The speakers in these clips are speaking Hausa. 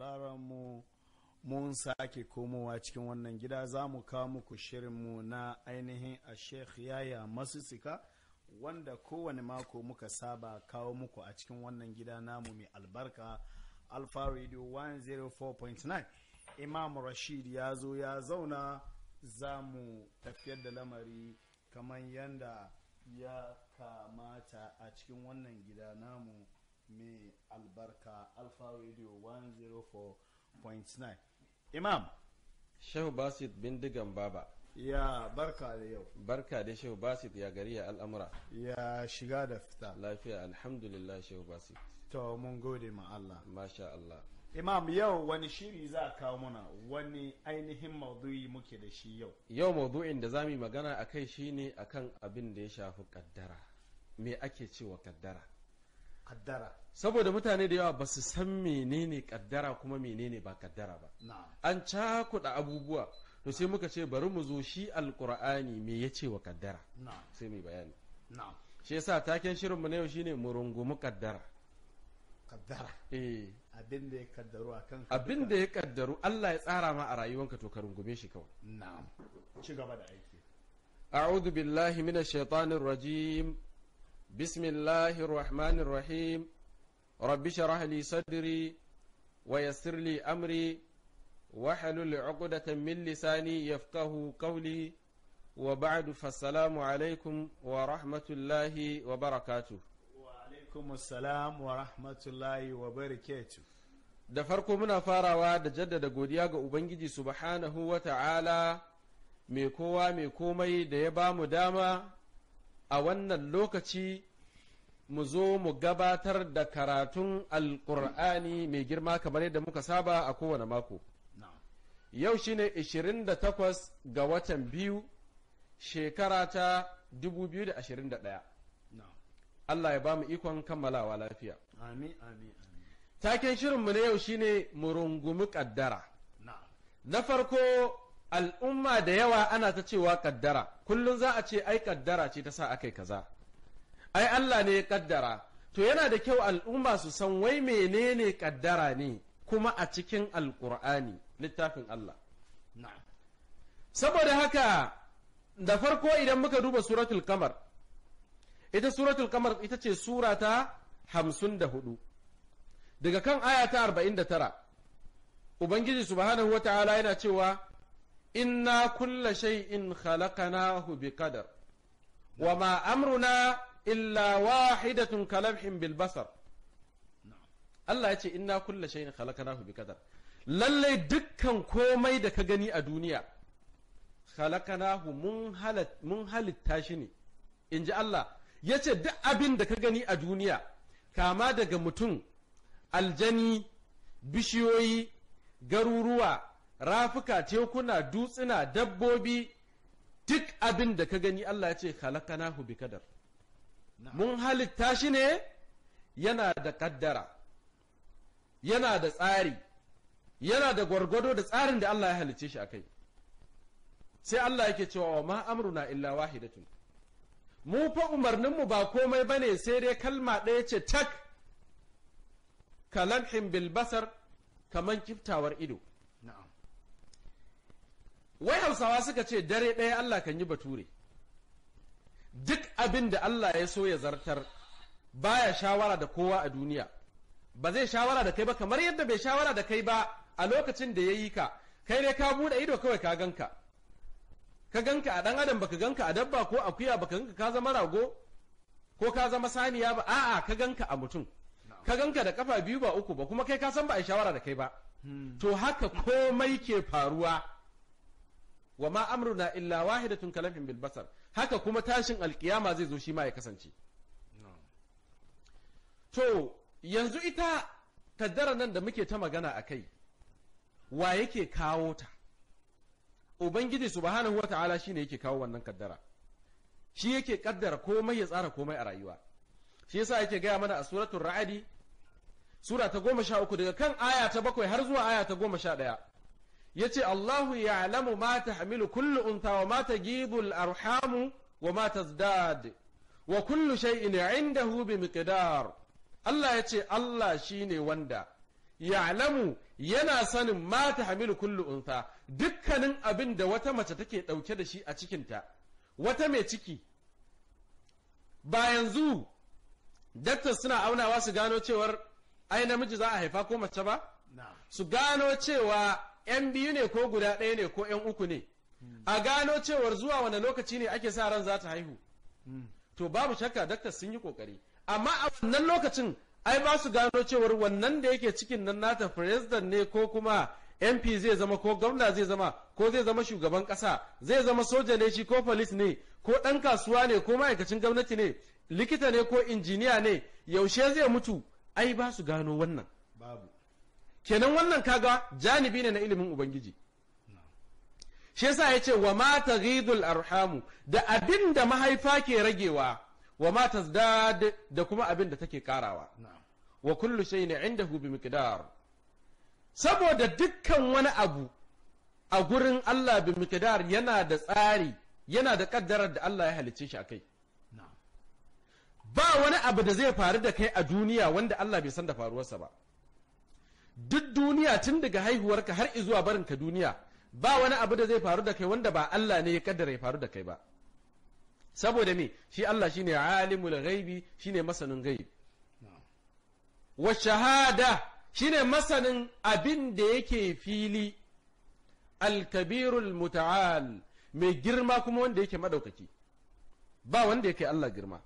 sauraron mu mun sake komowa cikin wannan gida za mu kawo muku shirinmu na ainihin a sheikh yaya masusika wanda kowane mako muka saba kawo muku a cikin wannan gida namu mai albarka alfa radio 104.9 imam rashid ya zo ya zauna za mu tafiyar da lamari kamar yadda ya kamata a cikin wannan gida namu mai albarka alfa radio 104.9 imam shehu basit bindigan baba ya barka da yau barka da shehu basit ya gari ya al'amura ya shiga da fita lafiya alhamdulillah shehu basit to mun gode ma Allah masha Allah imam yau wani shiri za kawo muna wani ainihin maudu'i muke da shi yau yau maudu'in da za mu magana a kai shine akan abin da ya shafi kaddara me ake cewa kaddara kaddara saboda mutane da yawa ba su san menene kaddara kuma menene ba kaddara ba an cakuɗa abubuwa to sai muka ce bari mu zo shi alkur'ani me ya ce wa kaddara sai mai bayani shi yasa taken shirinmu na yau shine mu rungumi kaddara kaddara eh abin da ya kaddaru akan abin da ya kaddaru Allah ya tsara ma a rayuwanka to ka rungume shi kawai na'am ci gaba da aiki a'udhu billahi minash shaitanir rajim bismillahir rahmanir rahim rabbi sharah li wa yassir amri wa halul uqdatan min lisani yafqahu qawli wa ba'du fassalamu alaykum wa rahmatullahi wa barakatuh wa alaykum assalam wa rahmatullahi wa barakatuh da farko muna farawa da jaddada godiya ga ubangiji subhanahu wa ta'ala mai kowa mai komai da ya bamu dama a wannan lokaci mu zo mu gabatar da karatun alkur'ani mai girma kamar yadda muka saba a kowane mako yau shi ne 28 ga watan biyu shekara ta 2021 Allah ya ba mu ikon kammalawa lafiya taken shirinmu na yau shine mu rungumi kaddara na farko al'umma da yawa ana ta cewa kaddara kullum za a ce ai kaddara ce ta sa aka yi kaza ai Allah ne ya kaddara to yana da kyau al'umma su san wai menene kaddara ne kuma a cikin alkur'ani littafin Allah saboda haka da farko idan muka duba suratul kamar ita suratul kamar ita ce sura ta hamsin da hudu daga kan aya ta arba'in da tara ubangiji subhanahu wata'ala yana cewa inna kulla shay'in khalaqnahu bi qadar wa ma amruna illa wahidatun kalabhin bil basar Allah ya ce inna kulla shay'in khalaqnahu bi qadar lalle dukkan komai da ka gani a duniya khalaqnahu mun mun halitta shi ne inji Allah yace duk abin da ka gani a duniya kama daga mutum aljani bishiyoyi garuruwa rafuka tekuna dutsuna dabbobi duk abin da ka gani Allah ya ce khalaqnahu bi qadar mun halitta shi ne yana da kaddara yana da tsari yana da gwargwado da tsarin da Allah ya halicce shi a kai sai Allah yake cewa wa ma amruna illa wahidatun mu fa umarninmu ba komai bane sai dai kalma ɗaya ce tak kalamhin bilbasar kaman kiftawar ido wai hausawa suka ce dare ɗaya Allah kan yi bature duk abin da Allah ya so ya zartar baya shawara da kowa a duniya ba zai shawara da kai ba kamar yadda bai shawara da kai ba a lokacin da ya yi ka kai ne ka buɗe ido kawai ka ganka ka ganka a ɗan adam baka ganka a dabba ko akuya baka ganka ka zama rago ko ka zama saniya ba a'a ka ganka a mutum ka ganka da kafa biyu ba uku ba kuma kai ka san ba a shawara da kai ba hmm. to haka komai ke faruwa wa ma amruna illa wahidatun kalafin bil haka kuma tashin alkiyama zai zo shi ma ya kasance to yanzu ita kaddara nan da muke ta magana a kai wa yake kawo ta ubangiji subhanahu wa ta'ala shine yake kawo wannan kaddara shi yake kaddara komai ya tsara komai a rayuwa shi yasa yake gaya mana a suratul ra'adi sura ta goma sha uku daga kan aya ta bakwai har zuwa aya ta goma sha ɗaya yace Allahu ya'lamu mata hamilu kullu untha wa mata tajibu arhamu wa mata tazdad wa kullu shay'in 'indahu bi miqdar Allah yace Allah shine wanda ya'lamu yana sanin mata hamilu kullu untha dukkanin abin da wata mace take dauke da shi a cikinta wata mai ciki ba yanzu daktar suna aunawa su gano cewar ai namiji za a haifa ko mace ba su gano cewa 'yan biyu ne ko guda ɗaya ne ko 'yan uku ne a gano cewar zuwa wani lokaci ne ake sa ran za ta haihu hmm. to babu shakka daktar sun yi kokari amma a wannan lokacin ai ba su gano cewar wannan da yake cikin nan nata president ne ko kuma mp zai zama ko gwamna zai zama ko zai zama shugaban kasa zai zama soja ne shi ko police ne ko ɗan kasuwa ne ko ma'aikacin gwamnati ne likita ne ko injiniya ne yaushe zai mutu ai ba su gano wannan kenan wannan kaga janibi ne na ilimin ubangiji shi yasa ya ce wa mata ghidul arhamu da abin da mahaifa ke ragewa wa mata da kuma abin da take karawa wa kullu shay'in indahu bi miqdar saboda dukkan wani abu a gurin Allah bi miqdar yana da tsari yana da kaddarar da Allah ya halicce shi akai ba wani abu da zai faru da kai a duniya wanda Allah bai san da faruwarsa ba duk duniya tun daga haihuwarka har izuwa barinka duniya ba wani abu da zai faru da kai wanda ba Allah ne ya kaddara ya faru da kai ba saboda me shi Allah shine alimul ghaibi shine masanin ghaib wa shahada shine masanin abin da yake fili al-kabirul muta'al mai girma kuma wanda yake madaukaki ba wanda yake Allah girma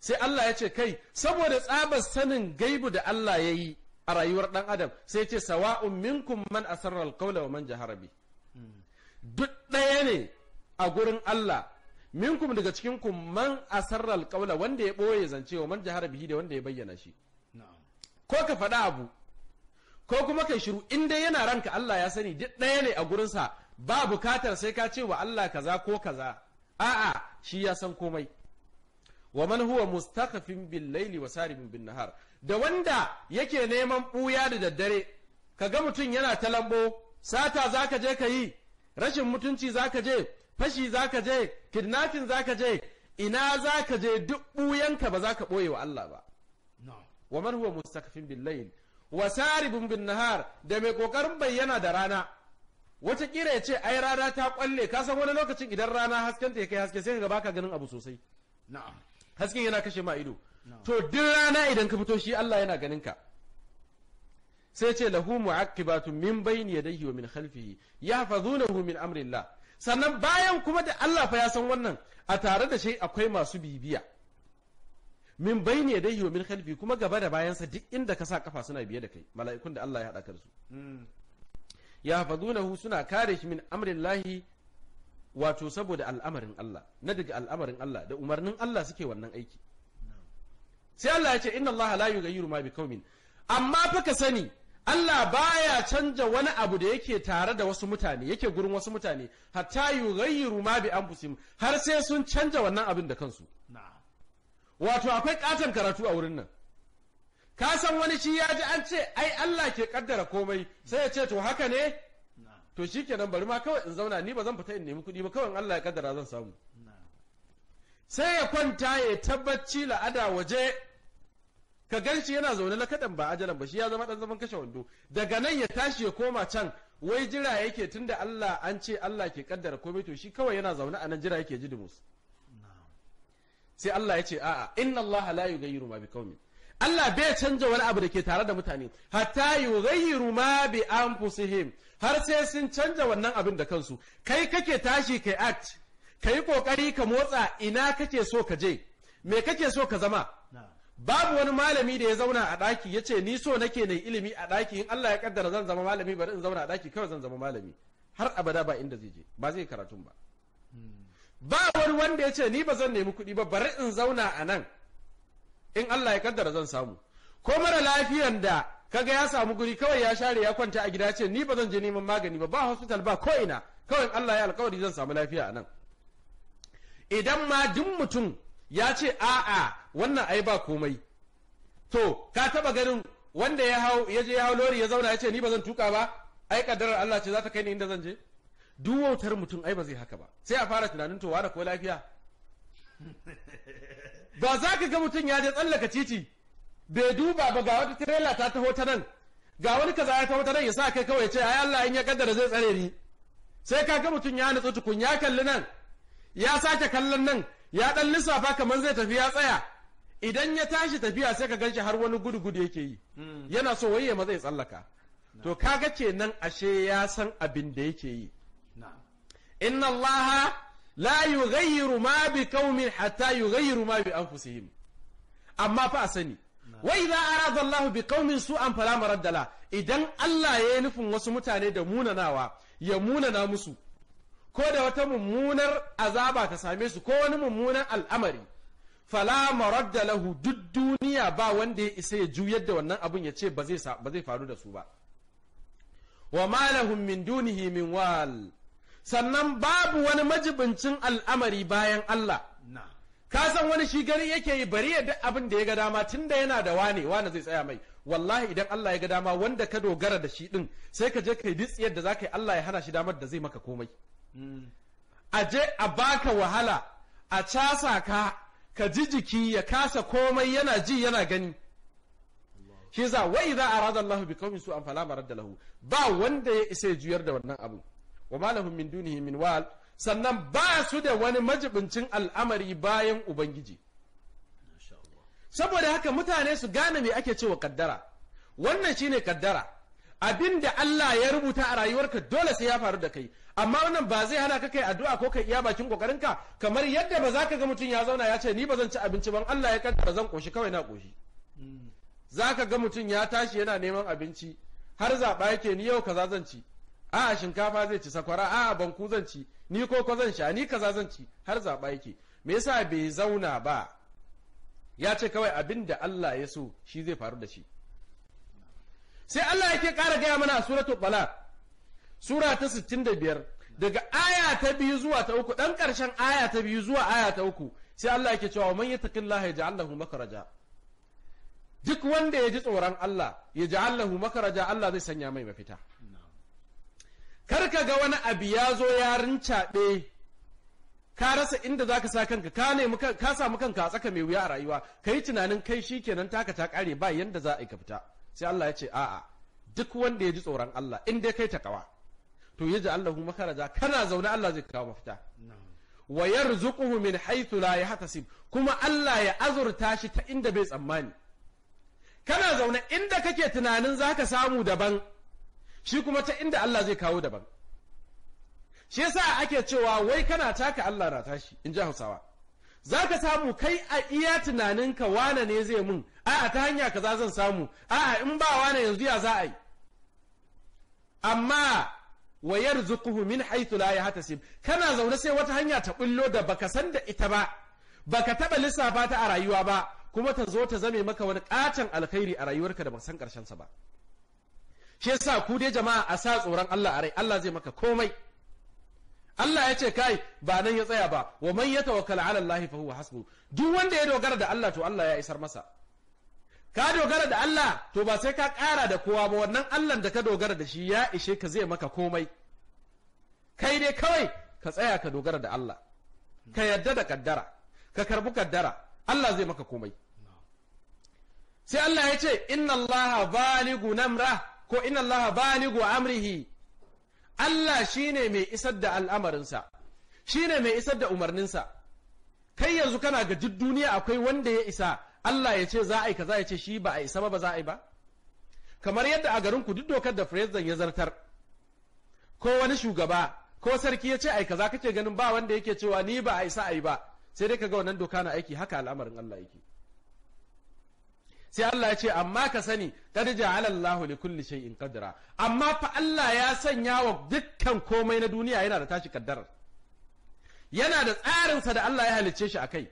sai Allah ya ce kai saboda tsabar sanin gaibu da Allah ya yi a rayuwar ɗan adam sai ce sawa'un minkum man asarra alqawla wa man jahara bi duk ɗaya ne a gurin Allah minkum daga cikin ku man asarra alqawla wanda ya boye zance wa man jahara bihi da wanda ya bayyana shi ko ka faɗa abu ko kuma kai shiru in dai yana ranka Allah ya sani duk ɗaya ne a gurin sa ba bukatar sai ka ce wa Allah kaza ko kaza a'a shi ya san komai wa man huwa mustaqfin bil laili wa saribin bin nahar da wanda yake neman ɓuya da daddare ka ga mutum yana ta lambo sata za ka je ka yi rashin mutunci za ka je fashi za ka je kidnapping za ka je ina za ka je duk ɓuyanka ba za ka ɓoye wa Allah ba wa man huwa mustakfin bil wa saribun bin nahar da mai kokarin bayyana da rana wata ƙira ya ce ai rana ta kwalle ka san wani lokacin idan rana haskenta ya kai haske sai ka ga baka ganin abu sosai na'am hasken yana kashe ma ido to duk rana idan ka fito shi Allah yana ganin ka sai ce lahu mu'aqibatun min bayni yadayhi wa min khalfihi yahfazunahu min amrillah sannan bayan kuma da Allah fa ya san wannan a tare da shi akwai masu bibiya min bayni yadayhi wa min khalfihi kuma gaba da bayan sa duk inda ka sa kafa suna biye da kai mala'ikun da Allah ya hada ka da su hmm. yahfazunahu suna kare shi min amrillahi wato saboda al'amarin Allah na daga al'amarin Allah da umarnin Allah suke wannan aiki sai Allah ya ce inna Allah la yughayyiru ma biqaumin amma fa ka sani Allah baya canja wani abu da yake tare da wasu mutane yake gurin wasu mutane hatta yughayyiru ma bi anfusihim har sai sun canja wannan abin da kansu wato akwai katon karatu a wurin nan ka san wani shi ya ji an ce ai Allah ke kaddara komai sai ya ce to haka ne to shikenan bari ma kawai in zauna ni ba zan fita in nemi kuɗi ba kawai in Allah ya kaddara zan samu sai ya kwanta ya tabbaci la'ada waje ka gan shi yana zaune lakadan ba ajalan ba shi ya zama dan zaman kashe wando daga nan ya tashi ya koma can wai jira yake tunda Allah an ce Allah ke kaddara komai to shi kawai yana zaune a nan jira yake ji dumus sai Allah ya ce a'a inna Allah la yughayyiru ma biqaumin Allah bai canja wani abu da ke tare da mutane hatta yughayyiru ma bi anfusihim har sai sun canja wannan abin da kansu kai kake tashi kai act kai kokari ka motsa ina kake so ka je me kake so ka zama babu wani malami da ya zauna a ɗaki ya ce ni so nake na ilimi a ɗaki in Allah ya kaddara zan zama malami bari in zauna a ɗaki kawai zan zama malami har abada ba inda zai je ba zai karatun ba ba wani wanda ya ce ni ba zan nemi kuɗi ba bari in zauna a nan in Allah ya kaddara zan samu ko mara lafiyan da kaga ya samu guri kawai ya share ya kwanta a gida ce ni ba zan je neman magani ba ba hospital ba ko ina kawai Allah ya alkawari zan samu lafiya a nan idan ma duk mutum ya ce a'a wannan ai ba komai to ka taba ganin wanda ya hau ya je ya hau lori ya zauna ya ce ni ba zan tuka ba ai kaddarar Allah ce za ta kai ni inda zan je duk wautar mutum ai ba zai haka ba sai a fara tunanin to wani ko lafiya ba za ka ga mutum ya je tsallaka titi bai duba ba ga wata tirela ta taho ta nan ga wani kaza ya taho ta nan ya sa kai kawai ce ai Allah in ya kaddara zai tsare ni sai ka ga mutum ya nutsu tukun ya kalli nan ya sake kallon nan ya dan lissafa kamar zai tafi ya tsaya idan ya tashi tafiya sai ka ganshi har wani gudu gudu yake yi hmm. yana so waye maza ya tsallaka to kaga kenan ashe ya san abin da yake yi inna allaha la yughayyiru ma bi qaumin hatta yughayyiru ma bi anfusihim amma fa a sani wa idza arada Allahu bi qaumin su'an fala maraddala. idan Allah ya nufin wasu mutane da munanawa ya munana musu ko da wata mummunar azaba ta same su ko wani mummunan al'amari fala maradda lahu duk duniya ba wanda ya isa ya juyar da wannan abun ya ce ba zai faru da su ba wa malahum min dunihi min wal sannan babu wani majibincin al'amari bayan Allah ka san wani shi gari yake yi bari ya abin da ya ga dama tunda yana da wane wane zai tsaya mai wallahi idan Allah ya ga dama wanda ka dogara da shi din sai ka je kai yadda za zaka yi Allah ya hana shi damar da zai maka komai hmm. a je a baka wahala a casa ka ka ji jiki ya kasa komai yana ji yana gani shi za wa idza arada Allahu bi qaumin su'an fala lahu ba wanda ya isa juyar da wannan abu wa malahum min dunihi min wal sannan ba su da wani majibincin al'amari bayan ubangiji saboda haka mutane su gane me ake cewa kaddara wannan shine kaddara abin da Allah ya rubuta a rayuwarka dole sai ya faru da kai amma wannan ba zai hana ka kai addu'a ko kai iya bakin kokarinka kamar yadda ba za ka ga mutum ya zauna ya ce ni ba zan ci abinci ban Allah ya ba zan koshi kawai na koshi za ka ga mutum ya tashi yana neman abinci har zaɓa yake ni yau kaza zan ci a'a shinkafa zai ci sakwara a banku zan ci ni koko zan sha ni kaza zan ci har zaɓa yake me yasa bai zauna ba ya ce kawai abin da Allah ya so shi zai faru da shi sai Allah yake ƙara gaya mana a suratul bala sura ta biyar daga aya ta biyu zuwa ta uku dan ƙarshen aya ta biyu zuwa aya ta uku sai Allah yake cewa man yattaqillaha yaj'al lahu makhraja duk wanda ya ji tsoron Allah ya ji allahu makaraja Allah zai sanya mai mafita kar ka ga wani abu ya zo ya rincaɓe ka rasa inda za ka sa kanka ka nemi ka samu kanka a tsaka mai wuya a rayuwa ka yi tunanin kai shikenan taka ta kare ba yanda za a yi ka fita sai Allah ya ce a'a duk wanda ya ji tsoron Allah in dai kai takawa to yaji Allahu makaraja kana zaune Allah zai kawo mafita wa yarzuquhu min haythu la yahtasib kuma Allah ya azurta shi ta inda bai tsammani kana zaune inda kake tunanin zaka samu daban shi kuma ta inda Allah zai kawo daban shi yasa ake cewa wai kana taka Allah na tashi in ji Hausawa zaka samu kai a iya tunaninka wane ne zai mun a'a ta hanya kaza zan samu a'a in ba wani yanzu ya za a yi amma wa yarzuquhu min haythu la yahtasib kana zaune sai wata hanya ta bullo da baka san da ita ba baka taba lissafa ta a rayuwa ba kuma ta zo ta zame maka wani katon alkhairi a rayuwarka da baka san karshen sa ba shi yasa ku dai jama'a a sa tsoron Allah a rai Allah zai maka komai Allah ya ce kai ba nan ya tsaya ba wa man yatawakkal ala Allah fa huwa hasbu duk wanda ya dogara da Allah to Allah ya isar masa ka dogara da Allah to ba sai ka ƙara da kowa ba wannan Allah da ka dogara da shi ya ishe ka zai maka komai kai dai kawai ka tsaya ka dogara da Allah ka yadda da kaddara ka karbi kaddara Allah zai maka komai sai Allah ya ce inna Allah baligu namra ko inna Allah baligu amrihi Allah shine mai isar da al'amarinsa shine mai isar da umarninsa kai yanzu kana ga duk duniya akwai wanda ya isa Allah ya ce za a yi kaza ya ce shi ba a isa ba ba za a yi ba kamar yadda a garin ku duk dokar da president ya zartar ko wani shugaba ko sarki ya ce ai kaza kake ganin ba wanda yake cewa ni ba a isa a yi ba sai dai kaga wannan doka na aiki haka al'amarin Allah yake sai Allah ya ce amma ka sani qad ja'ala Allahu li kulli shay'in qadra amma fa Allah ya sanya wa dukkan komai na duniya yana da tashi kaddarar yana da tsarinsa da Allah ya halicce shi akai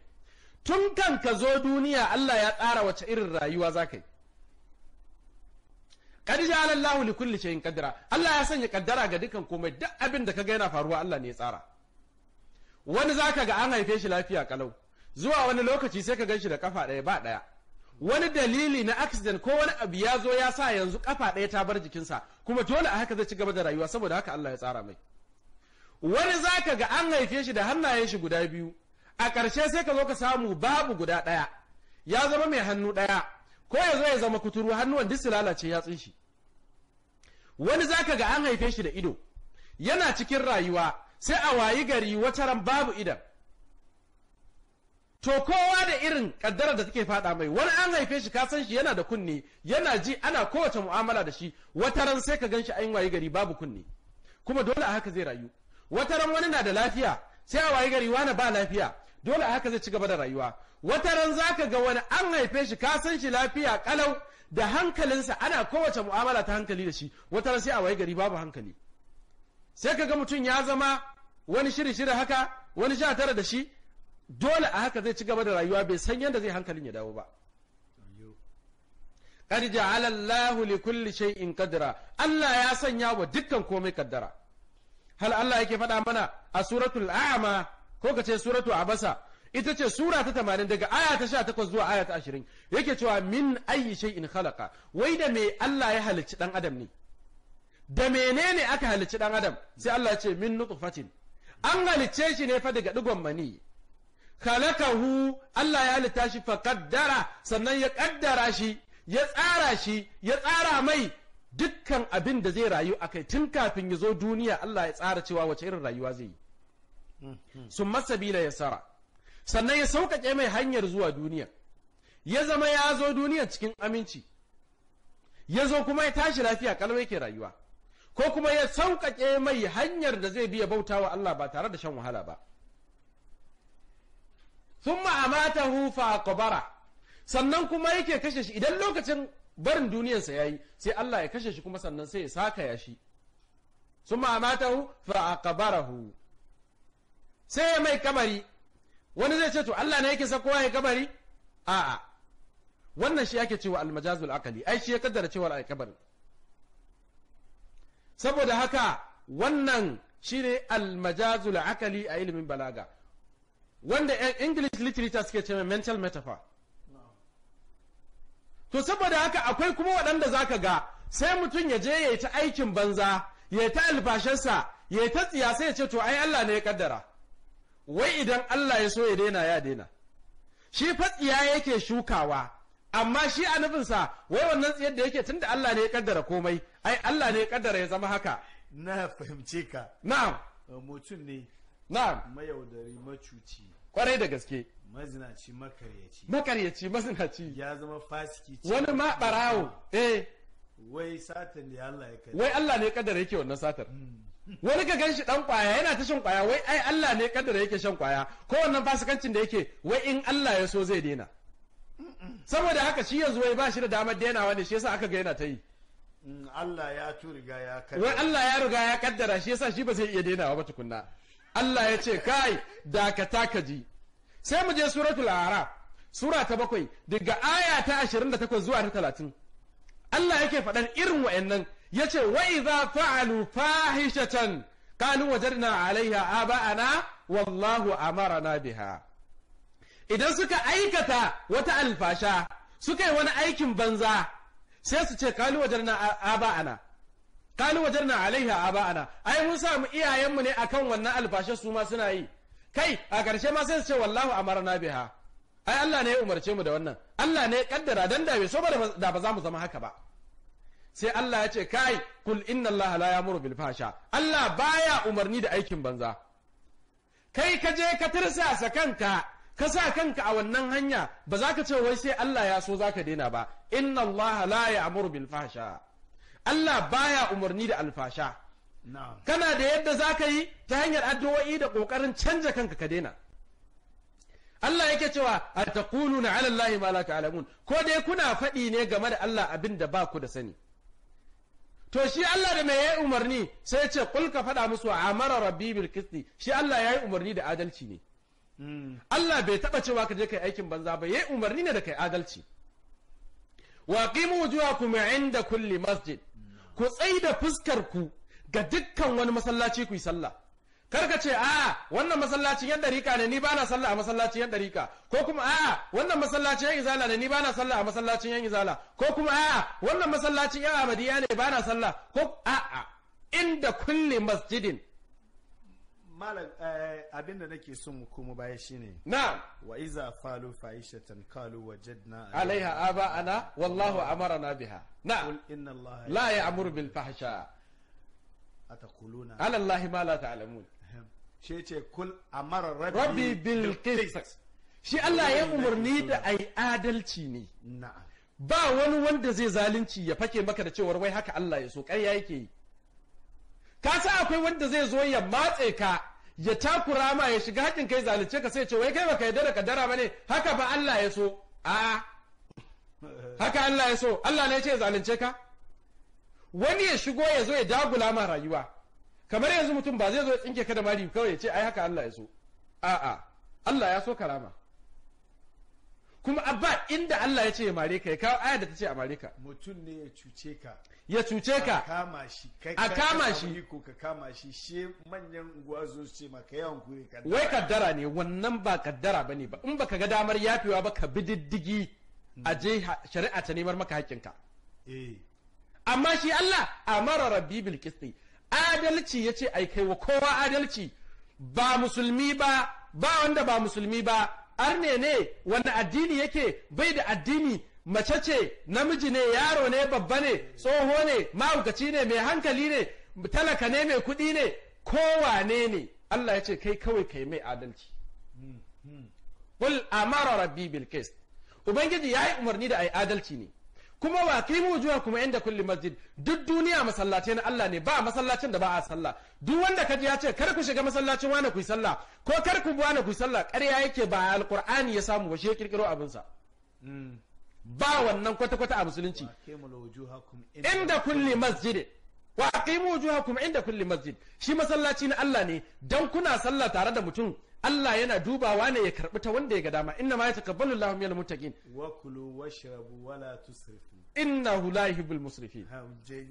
tun kan ka zo duniya Allah ya tsara wace irin rayuwa za ka yi kad ja'ala li kulli shay'in Allah ya sanya kaddara ga dukan komai duk abin da kaga yana faruwa Allah ne ya tsara wani zaka ga an haife shi lafiya kalau zuwa wani lokaci sai ka ganshi da kafa ɗaya ba ɗaya wani dalili na accident ko wani abu ya zo ya sa yanzu kafa ɗaya ta bar jikinsa kuma dole a haka zai ci gaba da rayuwa saboda haka Allah ya tsara mai wani zaka ga an haife shi da hannayen shi guda biyu a ƙarshe sai ka zo ka samu babu guda ɗaya ya zama mai hannu ɗaya ko ya zo ya zama kuturu hannuwan duk lalace ya tsin shi wani ka ga an haife shi da ido yana cikin rayuwa sai a wayi gari wata ran babu idan to kowa da irin kaddara da take fada mai wani an haife shi ka san shi yana da kunne yana ji ana kowace mu'amala da shi wata ran sai ka gan shi an wayi gari babu kunne kuma dole a haka zai rayu wata ran wani na da lafiya sai a wayi gari wani ba lafiya dole a haka zai ci gaba da rayuwa wata ran zaka ga wani an haife shi ka san shi lafiya kalau da hankalinsa ana kowace mu'amala ta hankali da shi wata ran sai a waye gari babu hankali sai ka ga mutum ya zama wani shiri shiri haka wani sha tara da shi dole a haka zai ci gaba da rayuwa bai san yadda zai hankalin ya dawo ba qad ja'ala Allahu li kulli shay'in qadra Allah ya sanya wa dukkan komai kaddara hal Allah yake faɗa mana a suratul a'ma ko ka ce suratu abasa ita ce sura ta tamanin daga aya ta sha takwas zuwa aya ta ashirin yake cewa min ayi in khalaqa wai da me Allah ya halicci dan adam ne da menene aka halicci dan adam sai Allah ya ce min nutfatin an halicce shi ne fa daga digon mani khalaqahu Allah ya halitta shi fa qaddara sannan ya ƙaddara shi ya tsara shi ya tsara mai dukkan abin da zai rayu akai tun kafin ya zo duniya Allah ya tsara cewa wace irin rayuwa zai yi summa ya yasara sannan ya sauƙaƙe mai hanyar zuwa duniya ya zama ya zo duniya cikin aminci ya zo kuma ya tashi lafiya kalmai ke rayuwa ko kuma ya sauƙaƙe mai hanyar da zai biya bauta wa Allah ba tare da shan wahala ba thumma amatahu fa qabara sannan kuma yake kashe shi idan lokacin barin duniyarsa yayi sai Allah ya kashe shi kuma sannan sai ya saka ya shi thumma amatahu fa aqbarahu sai ya mai kabari wani zai ce to Allah ne yake sa kowa ya kabari a'a wannan shi ake cewa almajazul akali ai shi ya kaddara cewa ai kabari saboda haka wannan shine almajazul akali a ilimin balaga wanda yan english literature suke cewa mental metaphor to saboda haka akwai kuma waɗanda zaka ga sai mutum ya je ya yi ta aikin banza ya yi ta albashinsa ya yi ta tsiya sai ya ce to ai Allah ne ya kaddara wai idan Allah ya so ya daina ya daina shi fatsiya yake shukawa amma shi a nufinsa wai wannan tsiyar da yake tunda Allah ne ya kaddara komai ai Allah ne ya kaddara ya zama haka na fahimce ka na'am eh, mutum ne na'am mayaudari macuci kwarai da gaske mazinaci makaryaci makaryaci mazinaci ya zama fasiki wani ma barawo eh wai satar ne Allah ya kaddara wai Allah ne kaddara yake wannan satar wani ka gan shi dan kwaya yana ta shan kwaya wai ai Allah ne kaddara yake shan kwaya ko wannan fasikancin da yake wai in Allah ya so zai daina saboda haka shi yanzu wai ba shi da damar dainawa ne shi yasa aka ga yana ta yi mm, Allah ya tu riga ya kaddara wai Allah ya riga ya kaddara shi yasa shi ba zai iya dainawa ba tukunna Allah ya ce kai dakata ka ji sai mu je suratul araf sura ta bakwai daga aya ta 28 zuwa ta 30 Allah yake faɗar irin wa'annan yace wa idza fa'alu fahishatan qalu wajadna 'alayha aba'ana wallahu amarana biha idan suka aikata wata alfasha suka yi wani aikin banza sai su ce kalu wajarna aba'ana kalu wajarna alaiha aba'ana ai mun samu iyayenmu ne akan wannan alfashe su ma suna yi kai a ƙarshe ma sai su ce wallahu amarna biha ai Allah ne ya umarce mu da wannan Allah ne ya kaddara dan da bai so da ba za mu zama haka ba sai Allah ya ce kai kul inna Allah la ya'muru bil fasha Allah baya umarni da aikin banza kai ka je ka tirsasa kanka ka sa kanka a wannan hanya ba za ka ce wai sai Allah ya so zaka daina ba inna Allah la ya'muru bil fahsha Allah baya umarni da alfasha kana da yadda zaka yi ta hanyar addu'o'i da kokarin canja kanka ka daina Allah yake cewa a na ala Allahi ma la ta'lamun ko dai kuna faɗi ne game da Allah abin da ba ku da sani to shi Allah da mai yi umarni sai ce kul ka faɗa musu amara rabbi bil kisti shi Allah ya yi umarni da adalci ne Allah bai taɓa cewa ka je kai aikin banza ba Ya yayi umarni ne da kai adalci wa qimu wujuhakum inda kulli masjid ku tsaida fuskar ku ga dukkan wani masallaci ku yi sallah karka ce a wannan masallacin yan dariƙa ne ni ba na sallah a masallacin yan dariƙa ko kuma a wannan masallacin yan izala ne ni ba na sallah a masallacin yan izala ko kuma a wannan masallacin yan abadiya ne ba na sallah ko a a inda kulli masjidin malam eh, abin da nake son mu koma baya shine na wa iza falu fa'ishatan qalu wajadna alaiha aba ana wallahu amarna biha na qul inna allaha la ya'muru bil fahsha ataquluna ala allahi ma la ta'lamun shi ce kul amara rabbi bil shi Allah ya umarni da ai adalci ne ba wani wanda zai zalunci ya fake maka da cewar wai haka Allah ya so ƙarya yake yi ka sa akwai wanda zai zo ya matse ka ya takura ma ya shiga hakin kai zalunce ka sai ce wai kai baka yarda da kaddara bane haka ba Allah ya so a haka Allah ya so Allah ne ya ce zalunce ka wani ya shigo ya zo ya dagula ma rayuwa kamar yanzu mutum ba zai zo ya tsinke ka da mari kawai ya ce ai haka Allah ya so a'a Allah ya so karama kuma abba inda Allah ya ce ya mare ka ya kawo aya da ta ce a mare ka mutum ne ya cuce ka ya cuce ka a kama shi kai a kama shi ko ka kama shi she manyan unguwa zo su ce maka yawan kure ka wai kaddara ne wannan ba kaddara bane ba in baka ga damar yafewa ba ka bi diddigi a je shari'a ta nemar maka haƙƙinka eh amma shi Allah amara rabbi bil qisti adalci ya ce ai wa kowa adalci ba musulmi ba ba wanda ba musulmi ba arne ne wani addini yake bai da addini mace ce namiji ne yaro ne babba ne tsoho ne mahaukaci ne mai hankali ne talaka ne mai kuɗi ne kowane ne Allah ya ce kai kawai kai mai adalci Kul hmm, hmm. amara rabbi bil Ubangiji ya yi umarni da ai adalci ne kuma wa qimu kuma inda kulli masjid duk duniya masallatai na Allah ne ba masallacin da ba a sallah duk wanda kaji ya ce kar ku shiga masallacin wani ku yi sallah ko kar ku bi wani ku yi sallah ƙarya yake ba alqur'ani ya samu ba shi ya kirkiro abin sa ba wannan kwata kwata a musulunci inda kulli masjid wa qimu wujuhakum inda kulli masjid shi masallaci na Allah ne dan kuna sallah tare da mutum Allah yana dubawa ne ya karɓi ta wanda ya ga dama inna ma takabbalu Allahu minal muttaqin wa kulu washrabu wa la tusrifu innahu la yuhibbul musrifin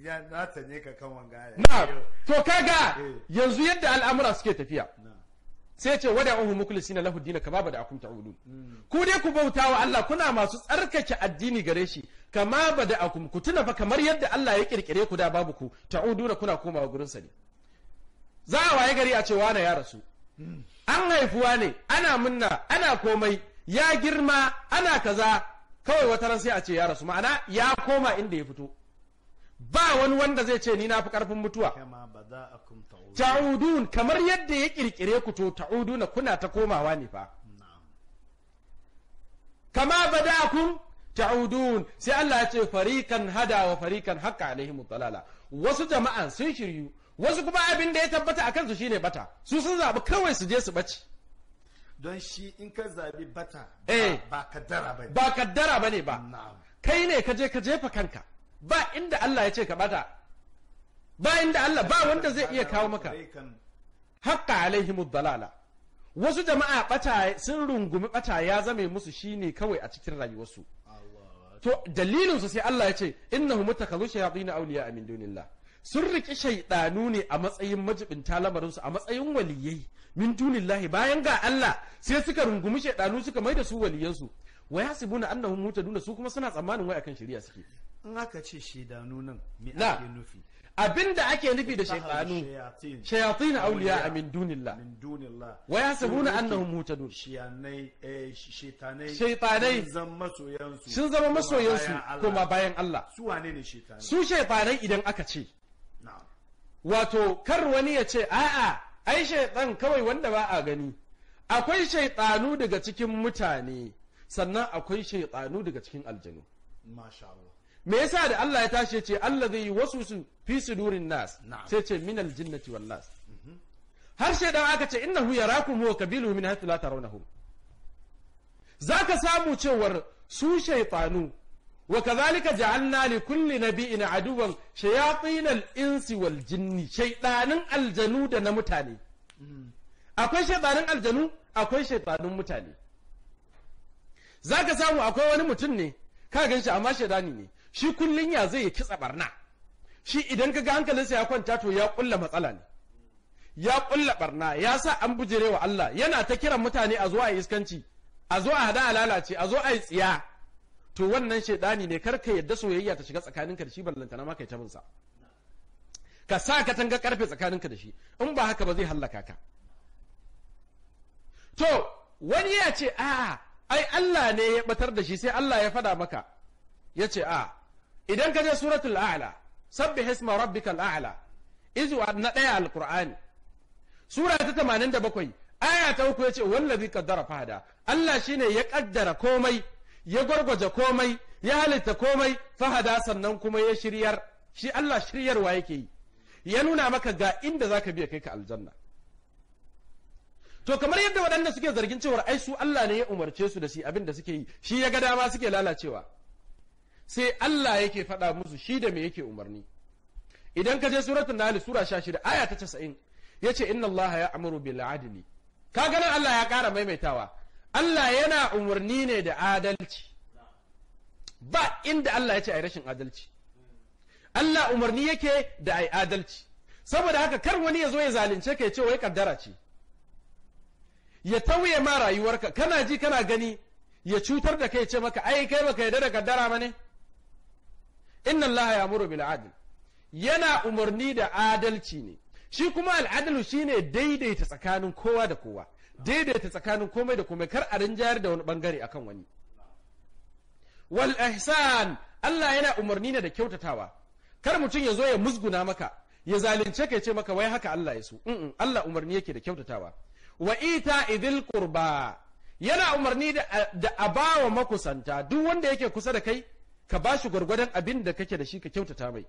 ya na ta ne ka kan wanga na to kaga eh. yanzu yadda al'amura suke tafiya sai ce wada uhu mukhlisina lahu dinaka kama da akum ta'udun hmm. ku dai ku bauta wa Allah kuna masu tsarkake addini gare shi kama bada akum ku tuna fa kamar yadda Allah ya kirkire ku da babu ku ta'uduna kuna komawa gurin sa ne za a waye gari a ce wane ya rasu hmm. an haifuwa ne ana munna ana komai ya girma ana kaza kawai wata ran sai a ce ya rasu ma'ana ya koma inda ya fito ba wani wanda zai ce ni na fi karfin mutuwa ta'udun kamar yadda ya kirkire ku to ta'uduna kuna ta komawa ne fa kama bada'akum ta'udun sai Allah ya ce farikan hada wa farikan hakka alaihimu dalala wasu jama'an sun shiryu wasu kuma abin da ya tabbata a kansu shine bata su sun zaɓi kawai su je su ɓace don shi in ka zaɓi bata ba eh. kaddara ba ne ba kai ne ka je ka jefa kanka ba inda Allah ya ce ka bata ba inda Allah ba wanda zai iya kawo maka haqqa alaihimu dalala wasu jama'a bata sun rungumi bata ya zame musu shine kawai a cikin rayuwarsu to dalilinsu sai Allah ya ce innahu mutakazu shayatin awliya min dunillah sun riƙi shaiɗanu ne a matsayin majibinta lamarinsu a matsayin waliyai min dunillahi bayan ga Allah sai suka rungumi shaiɗanu suka mai da su waliyansu wa ya yasibuna annahum mutaduna su kuma suna tsammanin wai akan shari'a suke in aka ce shaiɗanu nan me ake nufi abinda ake nufi da shaiɗanu shayatin awliya min dunillah min dunillah wa yasabuna annahum mutadun shiyanai eh, shaitanai shaitanai zan masoyansu sun zama masoyansu kuma bayan Allah su wane ne shaitanai su shaitanai idan aka ce wato kar wani ya ce a'a ai shaitan kawai wanda ba a gani akwai shaitanu daga cikin mutane sannan akwai shaitanu daga cikin aljanu me yasa da Allah ya tashi ce Allah zai yi wasu su fi sudurin nas sai ce min aljinnati wal nas mhm. har dan aka ce innahu yarakum huwa kabilu min hatta la tarawnahum zaka samu cewar su shaytanu wa kazalika ja'alna li kulli nabiyyin aduwan shayatinal insi wal jinni shaydanin aljanu da na mutane akwai shaydanin aljanu akwai shaydanin mutane zaka samu akwai wani mutum ne ka gan shi amma shaydani ne shi kullum ya zai kitsa barna shi idan ka ga hankalinsa ya kwanta to ya kulla matsala ne ya kulla barna ya sa an bujirewa Allah yana ta kiran mutane a zo a iskanci a zo a hada lalace a zo a yi tsiya to wannan shaidani ne kar ka yadda soyayya ta shiga tsakaninka da shi na ma kai ta bin sa ka sa ka tanga karfe tsakaninka da shi in ba haka ba zai hallaka ka to wani ya ce a ai Allah ne ya batar da shi sai Allah ya fada maka ya ce a idan ka je suratul a'la sabbih isma rabbikal a'la izu na daya alqur'ani sura ta 87 aya ta uku ya ce wallazi qaddara fahada Allah shine ya kaddara komai ya gwargwaje komai ya halitta komai fahada sannan kuma ya shiryar shi Allah shiryarwa yake yi ya nuna maka ga inda zaka biya kai ka aljanna to kamar yadda waɗanda suke zargin cewar ai su Allah ne ya umarce su da shi abin da suke yi shi ya ga dama suke lalacewa sai Allah yake faɗa musu shi da me yake umarni idan ka je suratul nahl sura 16 aya ta 90 yace inna Allah ya amuru bil adli kaga nan Allah ya ƙara maimaitawa Allah yana umarni ne da adalci ba inda Allah ya ce ai rashin adalci Allah umarni yake da ai adalci saboda haka kar wani ya zo ya zalunce ka ya ce wai kaddara ce ya tauye ma rayuwarka kana ji kana gani ya cutar da kai ce maka ai kai baka yarda da kaddara ba ne inna Allah ya muru bil adl yana umarni da adalci ne shi kuma al'adalu shine daidaita tsakanin kowa da kowa daidaita tsakanin komai da komai kar a rinjayar da wani bangare akan wani wal ihsan Allah yana umarni ne da kyautatawa kar mutum ya zo ya musguna maka ya zalunce ka ce maka wai haka Allah ya so Allah umarni yake da kyautatawa wa ita idil qurba yana umarni da a abawa makusanta duk wanda yake kusa da kai ka ba shi gwargwadon abin da kake da shi ka kyautata mai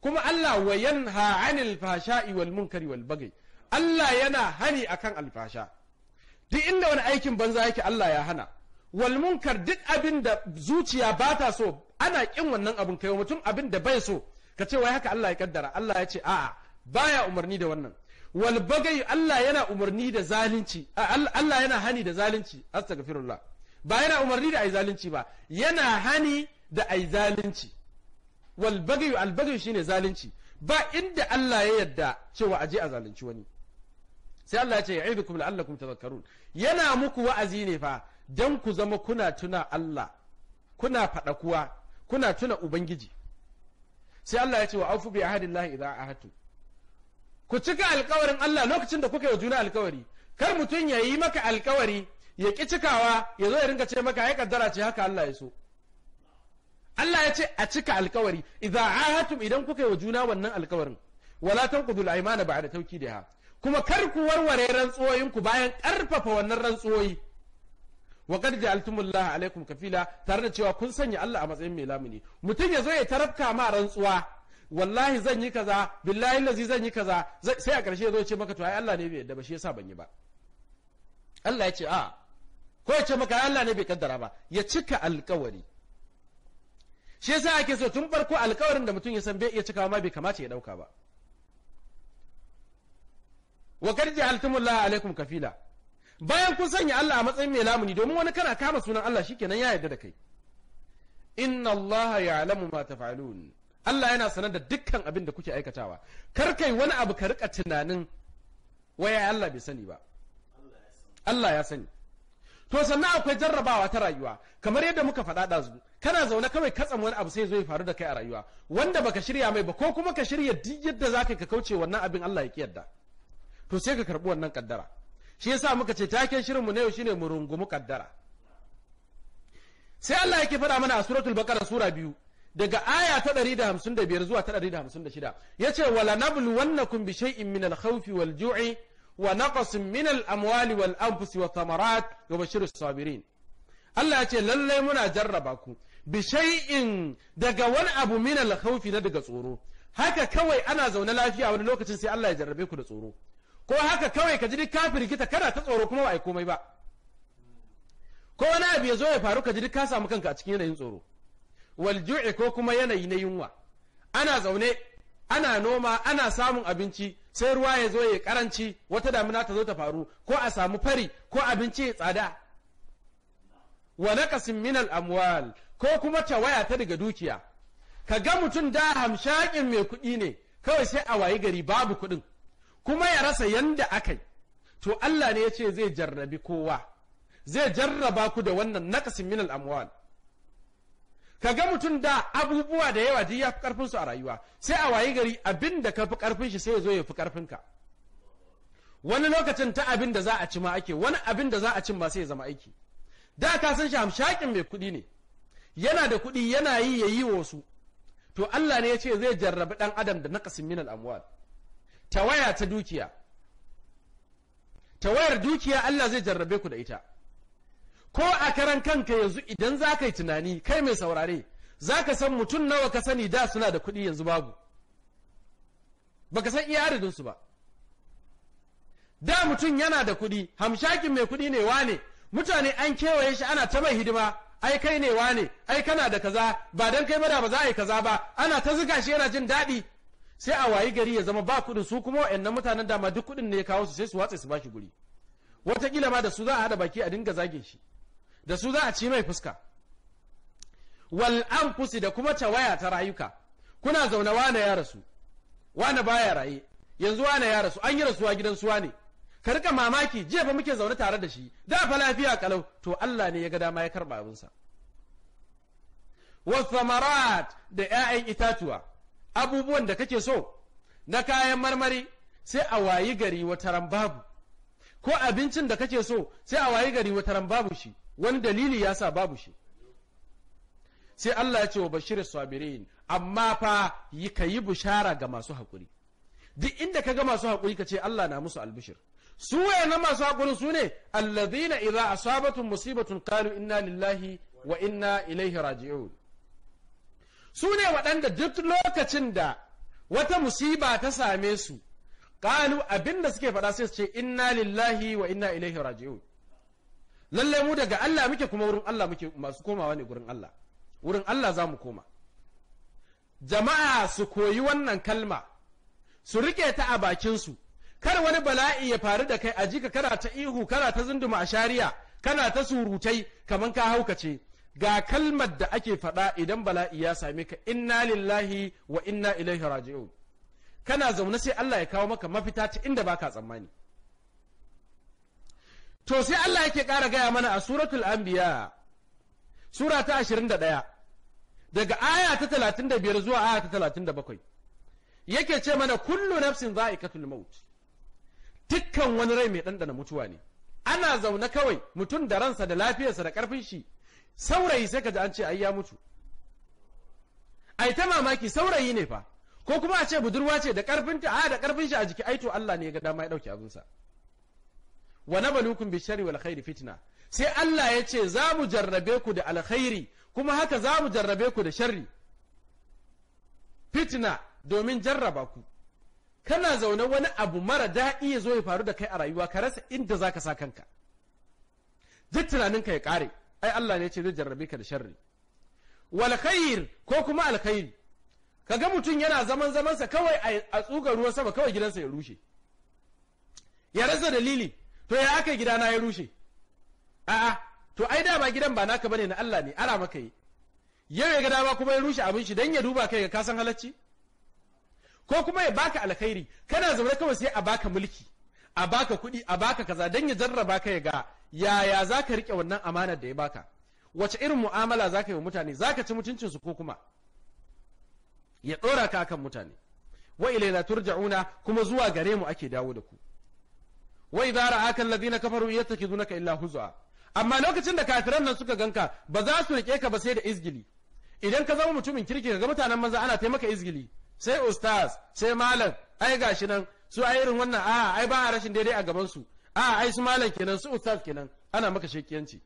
kuma Allah wa yanha anil fashai wal munkari wal bagai Allah yana hani akan alfasha duk inda wani aikin banza yake Allah ya hana wal munkar duk abin da zuciya ba ta so ana ƙin wannan abin kai mutum abin da bai so ka ce wai haka Allah ya kaddara Allah ya ce a'a baya umarni da wannan wal bagai Allah yana umarni da zalunci Allah yana hani da zalunci astaghfirullah ba yana umarni da ai zalunci ba yana hani da ai zalunci wal bagai al bagai shine zalunci ba inda Allah ya yarda cewa aje a zalunci wani sai Allah ya ce ya ya'idukum la'allakum tadhakkarun yana muku wa'azi ne fa dan ku zama kuna tuna Allah kuna fada kuwa kuna tuna ubangiji sai Allah ya ce wa aufu bi ahadillahi idza ahatu ku cika alkawarin Allah lokacin da kuka yi juna alkawari kar mutum ya yi maka alkawari ya ki cikawa ya zo ya rinka ce maka ya kaddara ce haka Allah ya so Allah ya ce a cika alkawari idza ahatum idan kuka yi wa juna wannan alkawarin wala tanqudul aymana ba'da tawkidiha kuma kar ku warware rantsuwoyinku bayan ƙarfafa wannan rantsuwoyi wa qad ja'altumullah alaikum kafila tare da cewa kun sanya Allah a matsayin mai lamuni mutum ya zo ya tarafka ma rantsuwa wallahi zan yi kaza billahi lazi zan yi kaza sai a ƙarshe ya zo ce maka to ai Allah ne bai yadda ba shi yasa ban yi ba Allah ya ce a ko ya ce maka Allah ne bai kaddara ba ya cika alkawari shi yasa ake so tun farko alƙawarin da mutum ya san bai iya cikawa ma bai kamata ya dauka ba wa kar jahaltumullah alaikum kafila bayan kun sanya Allah a matsayin mai lamuni domin wani kana kama sunan Allah shikenan ya yarda da kai inna Allah ya'lamu ma taf'alun Allah yana sanar da dukkan abin da kuke aikatawa kar kai wani abu ka rika tunanin waya Allah bai sani ba Allah ya sani to sannan akwai jarrabawa ta rayuwa kamar yadda muka faɗa ɗazu kana zaune kawai katsam wani abu sai zo ya faru da kai a rayuwa wanda baka shirya mai ba ko kuma ka shirya duk yadda zaka ka kauce wannan abin Allah ya ki yadda to sai ka karɓi wannan kaddara shi yasa muka ce taken shirinmu na yau shine mu rungumi kaddara sai Allah yake faɗa mana a suratul baqara sura biyu daga aya ta 155 zuwa ta 156 yace wala nabluwannakum bi shay'in min al-khawfi wal ju'i wa naqsin min al-amwali wal anfusi wa thamarat wa sabirin Allah ya ce lallai muna jarraba ku bi shay'in daga wani abu min al na daga tsoro haka kawai ana zaune lafiya wani lokacin sai Allah ya jarrabe ku da tsoro ko haka kawai ka ji duk rikita firgita kana ta tsoro kuma ba a yi komai ba ko wani abu ya zo ya faru ka ji duk ka samu kanka a cikin yanayin tsoro wal ko kuma yanayi na yunwa ana zaune ana noma ana samun abinci sai ruwa ya zo ya karanci wata damina ta zo ta faru ko a samu fari ko abinci ya tsada wa naqasin min al amwal ko kuma tawaya ta daga dukiya ka ga mutum da hamshakin mai kuɗi ne kawai sai a wayi gari babu kuɗin kuma ya rasa yanda aka yi to Allah ne ya ce zai jarrabi kowa zai jarraba ku da wannan naqsin min al-amwal ga mutum da abubuwa da yawa duk ya fi karfin a rayuwa sai a wayi gari abin da ka fi karfin shi sai ya zo ya fi karfin ka wani lokacin ta abin da za a ci ma ake wani abin da za a ci ma sai ya zama aiki da ka san shi hamshakin mai kuɗi ne yana da kuɗi yana yi ya yi wasu to Allah ne ya ce zai jarrabi ɗan adam da naqsin min al-amwal ta waya ta dukiya ta wayar dukiya Allah zai jarrabe ku da ita ko a karan kanka yanzu idan za ka yi tunani kai mai saurare za ka san mutum nawa ka sani da suna da kuɗi yanzu babu ba ka san iya adadinsu ba da mutum yana da kuɗi hamshakin mai kuɗi ne wane mutane an kewaye shi ana ta mai hidima ai kai ne wane ai kana da kaza ba dan kai bada ba za a yi kaza ba ana ta zuga shi yana jin daɗi sai a wayi gari ya zama ba kuɗin su kuma na mutanen dama duk kuɗin ne ya kawo su sai su watse su ba shi guri wataƙila ma da su za a haɗa baki a dinga zage shi da su za a ci mai fuska wal an kusi da kuma tawaya ta rayuka kuna zaune wane ya rasu wane baya raye yanzu wane ya rasu an yi rasuwa gidan suwa ne ka rika mamaki jiya fa muke zaune tare da shi da fa lafiya kalau to Allah ne ya ga dama ya karba abinsa wasamarat da 'ya'yan itatuwa abubuwan da kake so na kayan marmari sai a wayi gari wataran babu ko abincin da kake so sai a wayi gari wataran babu shi wani dalili ya sa babu shi sai Allah ya ce wa bashir sabirin amma fa yi ka yi bushara ga masu haƙuri duk inda ka ga masu haƙuri ka ce Allah na musu albishir su na masu haƙuri su ne alladhina idza asabatun musibatun qalu inna lillahi wa inna ilaihi raji'un su ne waɗanda duk lokacin da wata musiba ta same su ƙalu abinda da suke faɗa sai su ce inna lillahi wa inna ilaihi raji'u lalle mu daga Allah muke kuma wurin Allah muke masu komawa ne gurin Allah wurin Allah za mu koma jama'a su koyi wannan kalma su rike ta a bakinsu kar wani bala'i ya faru da kai a jika kana ta ihu kana ta zunduma a shari'a kana ta surutai kaman ka haukace ga kalmar da ake faɗa idan bala'i ya same ka inna lillahi wa inna ilaihi raji'un kana zaune sai Allah ya kawo maka mafita ta inda baka tsammani to sai Allah yake ƙara gaya mana a suratul anbiya sura ta 21 daga aya ta 35 zuwa aya ta 37 yake ce mana kullu nafsin za'iqatul maut dukkan wani rai mai ɗanɗana mutuwa ne ana zaune kawai mutum da ransa da lafiyarsa da ƙarfin shi saurayi sai ka ji an ce ai ya mutu ai ta mamaki saurayi ne fa ko kuma a ce budurwa ce da karfin ta a da karfin shi a jiki ai to Allah ne ya ga dama ya dauki abin sa wa bi bishari wal khairi fitna sai Allah ya ce za mu jarrabe ku da alkhairi kuma haka za mu jarrabe ku da sharri fitna domin jarraba ku kana zaune wani abu mara daɗi ya zo ya faru da kai a rayuwa ka rasa inda zaka sa kanka duk tunaninka ya kare. ai Allah ne ce zai jarrabe ka da sharri wal khair ko kuma al khair kaga mutum yana zaman zamansa kawai a tsuga ruwan sama kawai gidansa ya rushe ya rasa dalili to ya aka gidana ya rushe a'a to ai da ba gidan ba naka bane na Allah ne ara maka yi yau ya ga dama kuma ya rushe abin shi dan ya duba kai ka san halacci ko kuma ya baka alkhairi kana zaune kawai sai a baka mulki a baka kuɗi a baka kaza dan ya jarraba ka ya ga yaya za ka riƙe wannan amanar da ya baka wace irin mu'amala za ka yi wa mutane za ka ci mutuncinsu ko kuma ya ɗora ka kan mutane wa ilaina turja'una kuma zuwa gare mu ake dawo da ku wa idza ra'aka alladhina kafaru yattakizunaka illa huzwa amma lokacin da kafiran nan suka ganka ba za su rike ka ba sai da izgili idan ka zama mutumin kirki ga mutanen maza ana taimaka izgili sai ustaz sai malam ai gashi nan su a irin wannan a ai ba rashin daidai a gaban su a ai su malam kenan su ustaz kenan ana maka shekiyanci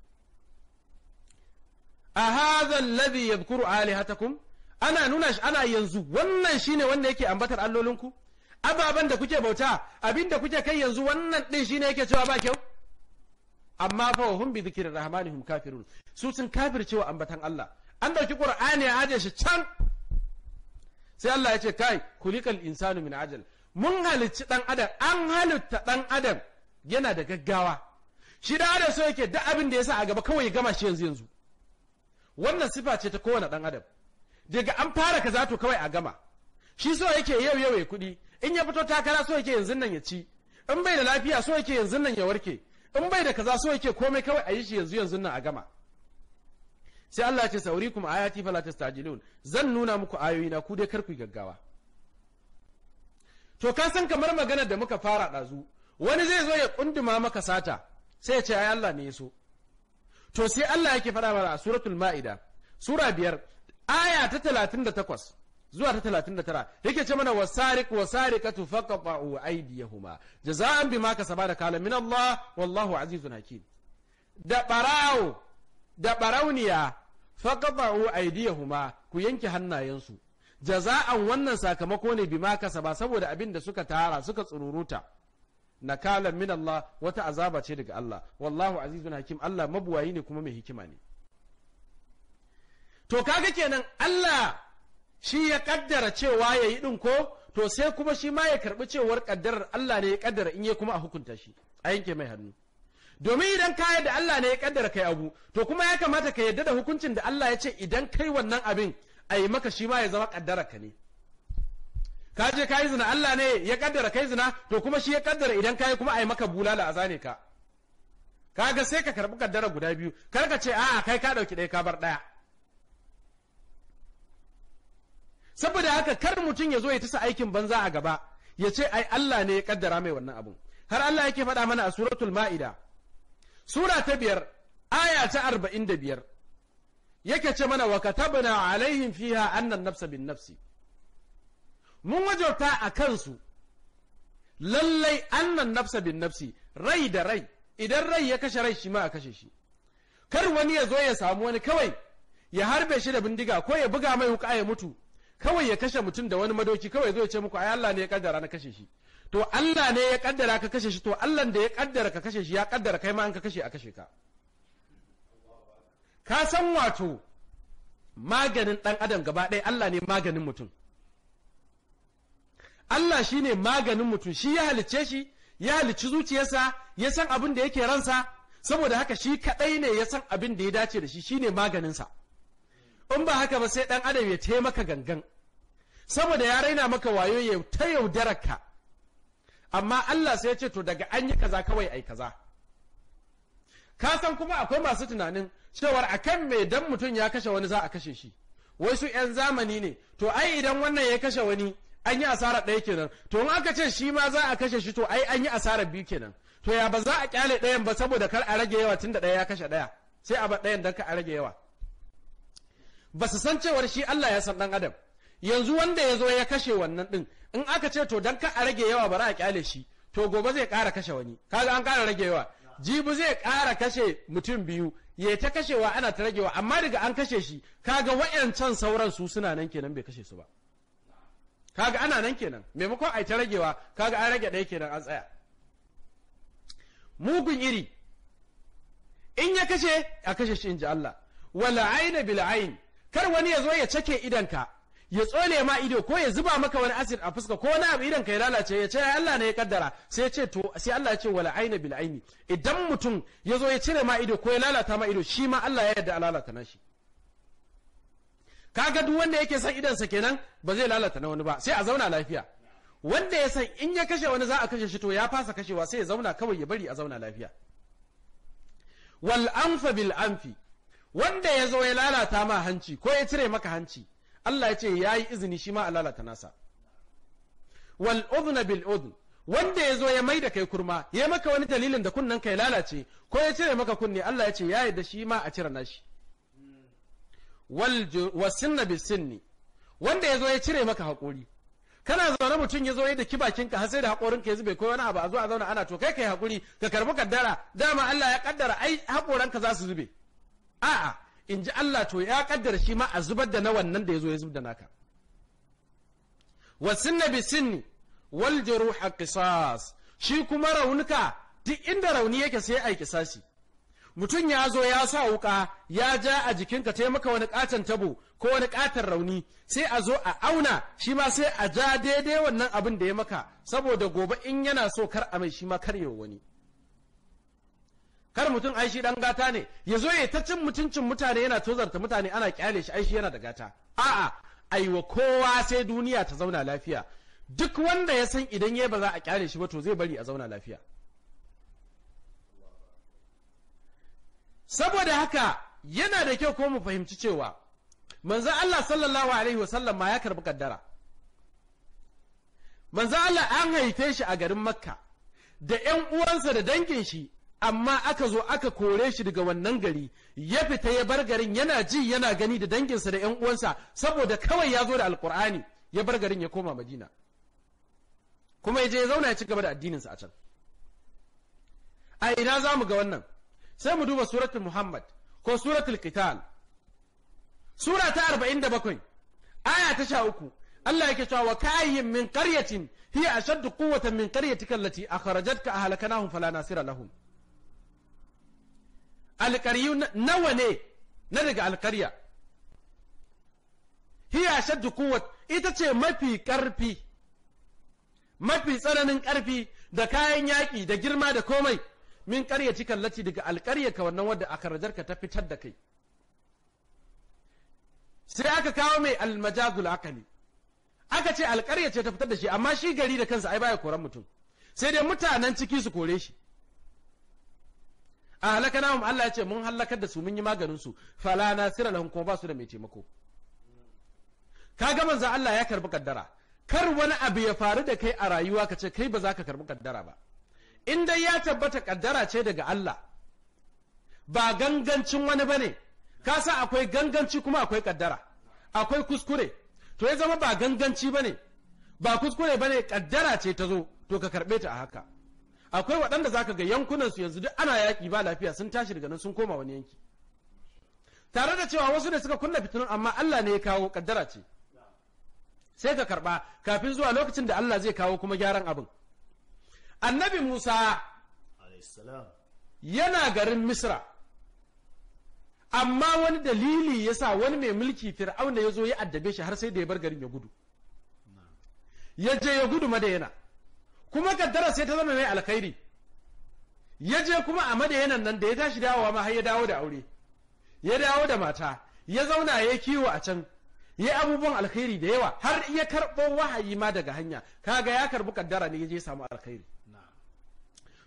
a hadha alladhi yadhkuru alihatakum ana nuna shi ana yanzu wannan shine wanda yake ambatar allolinku ababen da kuke bauta abinda kuke kai yanzu wannan din shine yake cewa ba kyau amma fa hum bi dhikri rahmanihum kafirun su sun kafircewa ambatan Allah an dauki qur'ani ya aje shi can sai Allah ya ce kai kulikal insanu min ajal mun halicci dan adam an halitta dan adam yana da gaggawa shi da adam so yake duk abin da ya sa a gaba kawai ya gama shi yanzu yanzu wannan sifa ce ta kowane dan adam daga an fara kaza to kawai a gama shi so yake yau yau ya kudi in ya fito takara so yake yanzu nan ya ci in bai da lafiya so yake yanzu nan ya warke in bai da kaza so yake komai kawai a yi shi yanzu yanzu nan a gama sai Allah ce sauri kuma ayati fala tastajilun zan nuna muku ayoyi na ku dai kar ku gaggawa to ka san kamar maganar da muka fara ɗazu wani zai zo ya kunduma maka sata sai ya ce ai Allah ne ya so to sai Allah yake faɗa mana a suratul ma'ida sura biyar aya ta talatin da takwas zuwa ta talatin da tara yake ce mana wasariq wasariqatu faqta'u aydiyahuma jaza'an bima kasaba da kala min Allah wallahu azizun hakim da barawo da barauniya faqta'u aydiyahuma ku yanke hannayensu jaza'an wannan sakamako ne bima kasaba saboda abin da suka tara suka tsururuta nakalan min Allah wata azaba ce daga Allah wallahu azizun hakim Allah mabuwayi ne kuma mai hikima ne to kaga kenan Allah shi ya kaddara cewa yayi din ko to sai kuma shi ma ya karbi cewar kaddarar Allah ne ya kaddara in ya kuma a hukunta shi a yanke mai hannu domin idan ka yarda Allah ne ya kaddara kai abu to kuma ya kamata ka yarda da hukuncin da Allah ya ce idan kai wannan abin a yi maka shi ma ya zama kaddarar ka ne ka je ka yi zina Allah ne ya kaddara kai zina to kuma shi ya kaddara idan ka yi kuma a yi maka bulala a zane ka kaga sai ka karbi kaddara guda biyu kar ka ce a'a kai ka dauki ɗaya ka bar ɗaya saboda haka kar mutum ya zo ya tasa aikin banza a gaba ya ce ai Allah ne ya kaddara mai wannan abun har Allah yake faɗa mana a suratul ma'ida sura ta biyar aya ta arba'in da biyar yake ce mana wa katabna alaihim fiha annan nafsa bin nafsi mun wajauta a kansu lallai annan nafsa bin nafsi rai da rai idan rai ya kashe rai shi ma a kashe shi kar wani ya zo ya samu wani kawai ya harbe shi da bindiga ko ya buga mai wuka ya mutu kawai ya kashe mutum da wani madoki kawai zo ya ce muku ai Allah ne ya kaddara na kashe shi to Allah ne ya kaddara ka kashe shi to Allah da ya kaddara ka kashe shi ya kaddara kai ma an ka kashe a kashe ka ka san wato maganin dan adam gaba ɗaya Allah ne maganin mutum Allah shi ne maganin mutum shi ya halicce shi ya halicci zuciyarsa ya san abin da yake ransa saboda haka shi kaɗai ne ya san abin da ya dace da shi shi ne maganinsa in ba haka ba sai ɗan adam ya taimaka gangan saboda ya raina maka wayo ya ta ka amma Allah sai ya ce to daga an yi kaza kawai ai kaza ka san kuma akwai masu tunanin cewar akan me dan mutum ya kashe wani za a kashe shi wai su 'yan zamani ne to ai idan wannan ya kashe wani an yi asara ɗaya kenan to in aka ce shi ma za a kashe shi to ai an yi asara biyu kenan to ya ba za a kyale ɗayan ba saboda kar a rage yawa tunda ɗaya ya kashe ɗaya sai a ba ɗayan don ka a rage yawa ba su san cewar shi Allah ya san ɗan adam yanzu wanda ya zo ya kashe wannan ɗin in aka ce to dan ka a rage yawa ba za a kyale shi to gobe zai ƙara kashe wani kaga an ƙara rage yawa jibi zai ƙara kashe mutum biyu ya ta kashewa ana ta ragewa amma daga an kashe shi kaga wa'yancan sauran su suna nan kenan bai kashe su ba kaga ana nan kenan maimakon a ta ragewa kaga an rage ɗaya kenan an tsaya mugun iri in ya kashe a kashe shi in ji Allah wala aina bil ain kar wani ya zo ya cake idanka ya tsole ma ido ko ya zuba maka wani asid a fuska ko wani abu idan ka ya lalace ya ce Allah ne ya kaddara sai ya ce to sai Allah ya ce wala aina bil aini idan mutum ya zo ya cire ma ido ko ya lalata ma ido shi ma Allah ya yarda a lalata nashi kaga duk wanda yake son idansa kenan ba zai lalata na wani ba sai a zauna lafiya wanda ya san in ya kashe wani za a kashe shi to ya fasa kashewa sai ya zauna kawai ya bari a zauna lafiya wal anfa bil anfi wanda ya zo ya lalata ma hanci ko ya cire maka hanci Allah ya ce ya yi izini shi ma a lalata nasa wal udhna bil udhn wanda ya zo ya mai da kai kurma ya maka wani dalilin da kunnen ka ya lalace ko ya cire maka kunne Allah ya ce ya yarda shi ma a cire nashi wasinna bisinni wanda ya zo ya cire maka haƙuri kana zaune mutum ya zo ya daki bakinka har sai da ka ya zube ko wani abu a zo a zauna ana to kai kai haƙuri ka karbi kaddara dama Allah ya kaddara ai ka za su zube a'a in ji Allah to ya kaddara shi ma a zubar da na wannan da ya zo ya zubar da naka wasinna bisinni wal juruha qisas shi kuma raunuka duk inda rauni yake sai ai kisasi mutum ya zo ya sa wuka ya ja a jikinka ta maka wani katon tabo ko wani katon rauni sai a zo a auna shi ma sai a ja daidai wannan abin da ya maka saboda gobe in yana so kar a mai shi ma kar wani kar mutum aishi dan gata ne ya zo ya ta cin mutuncin mutane yana tozarta mutane ana kyale shi ai yana da gata a'a aiwa kowa sai duniya ta zauna lafiya duk wanda ya san idan ya ba za a kyale shi ba to zai bari a zauna lafiya saboda haka yana da kyau ko mu fahimci cewa manzo Allah sallallahu alaihi wasallam ma ya karbi kaddara manzo Allah an haife shi a garin Makka da ƴan uwansa da dangin shi amma aka zo aka kore shi daga wannan gari ya fita ya bar garin yana ji yana gani da danginsa da ƴan uwansa saboda kawai ya zo da alkur'ani ya bar garin ya koma Madina kuma ya je ya zauna ya ci gaba da addininsa a can a ina za mu ga wannan sai mu duba suratul muhammad ko suratul qital sura ta 47 aya ta uku, Allah yake cewa wa kayyin min qaryatin hiya ashaddu quwwatan min qaryatika allati akhrajatka ahlakanahum fala nasira lahum alqaryu nawa ne na daga alqarya hiya ashaddu quwwat ita ce mafi karfi mafi tsananin karfi da kayan yaki da girma da komai min cikin kallaci daga ka wannan wadda a ka ta fitar da kai sai aka kawo mai almajazul akali aka ce alƙarya ce ta fitar da shi amma shi gari da kansa ai baya koran mutum sai dai mutanen ciki su kore shi a halaka namun Allah ya ce mun halakar da su mun yi maganin su fala nasira lahum kuma ba su da mai taimako ka ga manzo Allah ya karbi kaddara kar wani abu ya faru da kai a rayuwa ka ce kai ba za ka karbi kaddara ba in dai ya tabbata kaddara ce daga Allah ba gangancin wani bane ka sa akwai ganganci kuma akwai kaddara akwai kuskure to ya zama ba ganganci bane ba kuskure bane kaddara ce ta zo to ka karbe ta a haka akwai waɗanda zaka ga yankunansu yanzu duk ana yaki ba lafiya sun tashi daga nan sun koma wani yanki tare da cewa wasu ne suka kunna fitinun amma Allah ne ya kawo kaddara ce sai ka karba kafin zuwa lokacin da Allah zai kawo kuma gyaran abin annabi musa yana garin misra amma wani dalili ya sa wani mai mulki fir'auna ya zo ya addabe shi har sai da ya bar garin ya gudu ya je ya gudu yana kuma kaddara sai ta zama mai alkhairi ya je kuma a madayanan nan da ya tashi dawowa ma har ya dawo da aure ya dawo da mata ya zauna ya kiwo a can ya abubuwan alkhairi da yawa har ya karɓo wahayi ma daga hanya kaga ya karɓi kaddara ne ya je samu alkhairi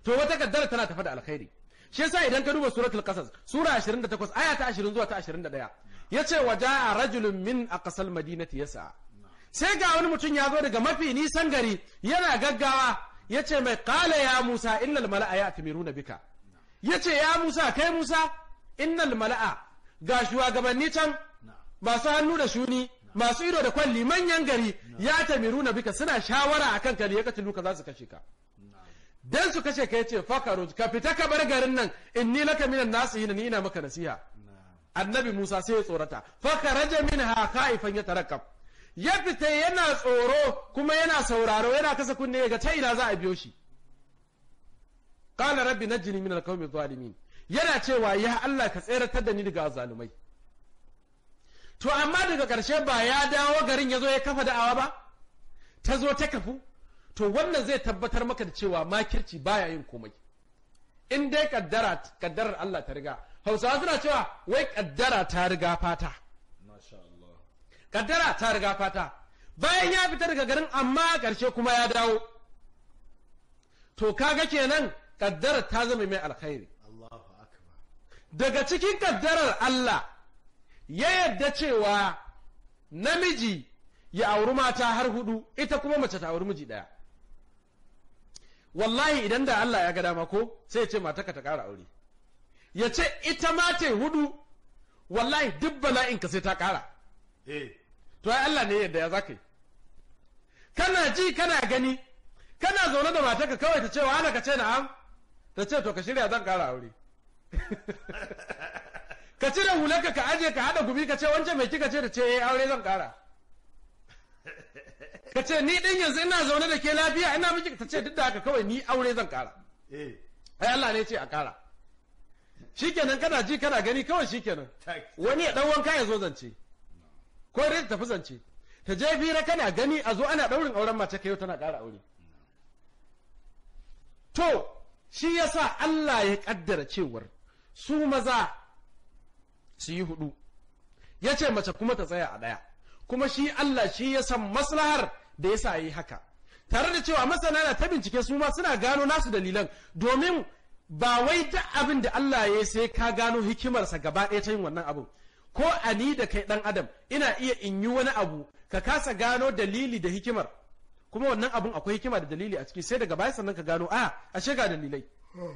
to wata tana tafa da alkhairi shi yasa idan ka duba suratul qasas sura 28 aya ta 20 zuwa ta 21 yace waja'a rajulun min aqsal madinati yas'a sai ga wani mutum ya zo daga mafi nisan gari yana gaggawa yace mai qala ya musa innal mala'a ya'timiruna bika yace ya musa kai musa innal mala'a ga shugabanni can masu hannu da shuni masu ido da kwalli manyan gari ya tamiruna bika suna shawara akan ka ne ya katilu ka za su kashe ka dan su kashe ka yace fakaruj ka fita ka bar garin nan inni laka minan nasihin ni ina maka nasiha annabi Musa sai ya tsorata fakaraja minha khaifan yatarakkab ya fita yana tsoro kuma yana sauraro yana kasa kunne ga ta ina za a biyo shi qala rabbi najini min alqawmi zalimin yana cewa ya Allah ka tseratar da ni daga azalumai to amma daga karshe ba ya dawo garin ya zo ya kafa da'awa ba ta zo ta kafu to wannan zai tabbatar maka da cewa makirci baya yin komai in dai kaddara kaddarar Allah ta riga hausawa suna cewa wai kaddara ta riga fata kaddara ta riga fata bayan ya fita daga garin amma a ƙarshe kuma ya dawo to kaga kenan kaddara ta zama mai alkhairi daga cikin kaddarar Allah ya yarda cewa namiji ya auri mata har hudu ita kuma mace ta auri miji ɗaya wallahi idan da Allah ya ga dama ko sai ya ce matarka ta ƙara aure ya ce ita ma ta hudu wallahi duk bala'in ka sai ta ƙara eh. to ai Allah ne yadda ya zaka yi kana ji kana gani kana zaune da matarka kawai ta ce wa ana ka ce na'am ta ce to ka shirya zan ƙara aure ka cire hulanka ka aje ka haɗa gumi ka ce wancan mai kika ce da ce eh aure zan ƙara ka ce ni din yanzu ina zaune da ke lafiya ina miki ta ce duk da haka kawai ni aure zan kara eh ai Allah ne ce a kara shikenan kana ji kana gani kawai shikenan wani ya dan wanka ya zo zance ko dai tafi zance ta je fira kana gani a zo ana daurin auren mace kai tana kara aure to shi yasa Allah ya kaddara cewar su maza su yi hudu ya ce mace kuma ta tsaya a daya kuma shi Allah shi ya san maslahar da yasa yi haka tare da cewa masana na ta bincike su ma suna gano nasu dalilan domin ba wai duk abin da Allah ya sai ka gano hikimarsa gaba ɗaya ta yin wannan abu ko a ni da kai dan adam ina iya in yi wani abu ka kasa gano dalili da hikimar kuma wannan abun akwai hikima da dalili a ciki sai daga baya sannan ka gano a ashe ga dalilai hmm.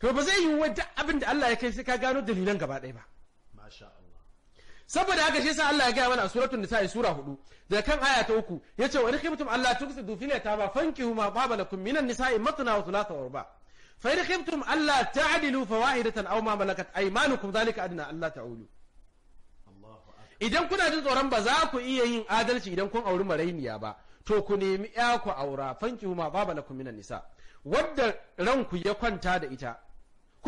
to ba zai yi wa duk abin da Allah ya kai sai ka gano dalilan gaba ɗaya ba masha saboda haka shi yasa Allah ya gaya mana a suratul nisa sura hudu da kan aya ta uku yace wa rikhibtum alla tuksidu fil yatama fankihu ma baba lakum minan nisa'i matna wa thulatha wa ruba fa rikhibtum alla ta'dilu fawahidatan aw ma malakat aymanukum zalika adna alla ta'ulu idan kuna jin tsoron ba za ku iya yin adalci idan kun auri marainiya ba to ku nemi ya ku aura fanki ma baba minan nisa wadda ranku ya kwanta da ita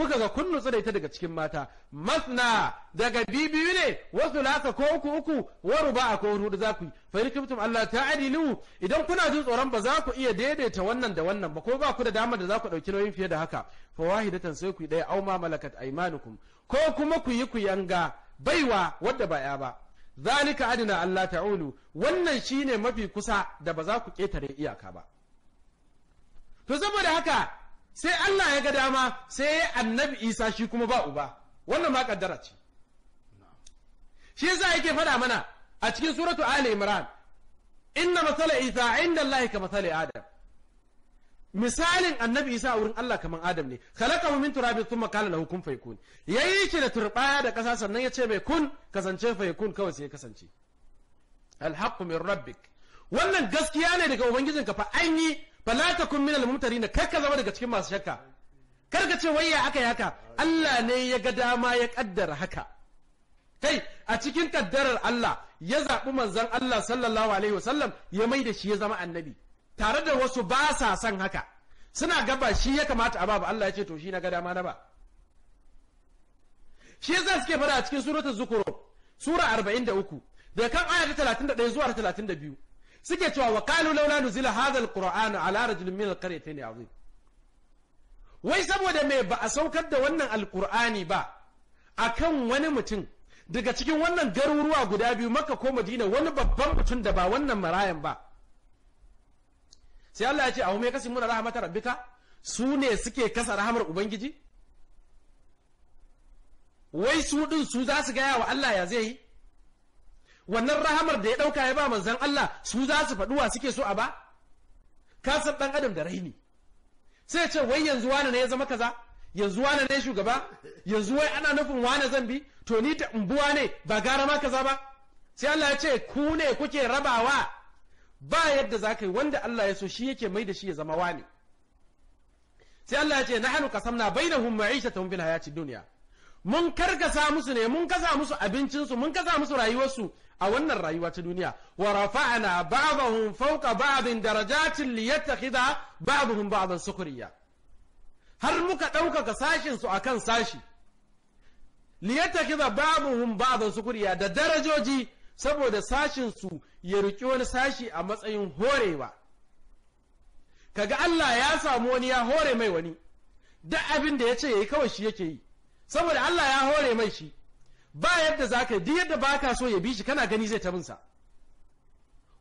kuka ga kun nutsu da ita daga cikin mata masna daga bibiyu ne wasu laka ko uku uku waru ba a ko hudu za ku yi fahimtum Allah ta adilu idan kuna jin tsoron ba za ku iya daidaita wannan da wannan ba ko ba ku da damar da za ku ɗauki nauyin fiye da haka fa wahidatan sai ku yi ɗaya auma malakat aimanukum ko kuma ku yi ku yanga baiwa wadda ba ya ba zalika adina Allah ta'ulu wannan shine mafi kusa da ba za ku ketare iyaka ba to saboda haka sai Allah ya ga dama sai annabi Isa shi kuma ba uba wannan ma kaddara ce shi yasa yake faɗa mana a cikin suratu Ali Imran inna masala Isa inda Allah ka masala Adam misalin annabi Isa a wurin Allah kaman Adam ne khalaqahu min turabin thumma qala lahu kun fayakun yayi shi da turbaya da kasa sannan ya ce mai kun kasance fayakun kawai sai ya kasance alhaqqu min rabbik wannan gaskiya ne daga ubangijinka fa an yi fala takun minal mumtarin kar ka zama daga cikin masu shakka kar ka ce wai ya aka yaka Allah ne ya ga dama ya kaddara haka kai a cikin kaddarar Allah ya zaɓi manzon Allah sallallahu alaihi wasallam ya mai da shi ya zama annabi tare da wasu ba sa son haka suna gaba shi ya kamata a babu Allah ya ce to shi na ga dama na ba shi yasa suke fara a cikin suratul zukhruf sura 43 daga kan aya ta 31 zuwa 32 suke cewa wa qalu laula nuzila hadha alqur'anu ala rajulin min alqaryatayn azim wai saboda me ba a saukar da wannan alqur'ani ba akan wani mutum daga cikin wannan garuruwa guda biyu makka ko madina wani babban mutum da ba wannan marayan ba sai Allah ya ce a hume kasimuna rahmatar rabbika su ne suke kasa rahamar ubangiji wai su din su za su gaya wa Allah ya zai yi wannan rahamar da ya ɗauka ya ba manzan Allah su za su faɗi wa suke so a ba kasan ɗan adam da raini sai ce wai yanzu wane ne ya zama kaza yanzu wane ne shugaba yanzu wai ana nufin wane zan bi to ni ta umbuwa ne ba gara ma kaza ba sai Allah ya ce ku ne kuke rabawa ba yadda za ka yi wanda Allah ya so shi yake mai da shi ya zama wane sai Allah ya ce na qasamna bainahum ma'ishatahum fil hayatid dunya mun karkasa musu ne mun kasa musu abincinsu mun kasa musu rayuwarsu a wannan rayuwa ta duniya wa rafa'na ba'dahum fawqa ba'din darajatin liyattakhidha ba'dahum ba'dan sukriya har muka ɗaukaka sashin su akan sashi liyattakhidha ba'dahum ba'dan sukriya da darajoji saboda sashin su ya riƙi wani sashi a matsayin horewa kaga Allah ya samu wani ya hore mai wani duk abin da ya ce yayi kawai shi yake yi saboda Allah ya hore mai shi ba yadda za ka yi duk yadda ba ka so ya bi shi kana gani zai ta binsa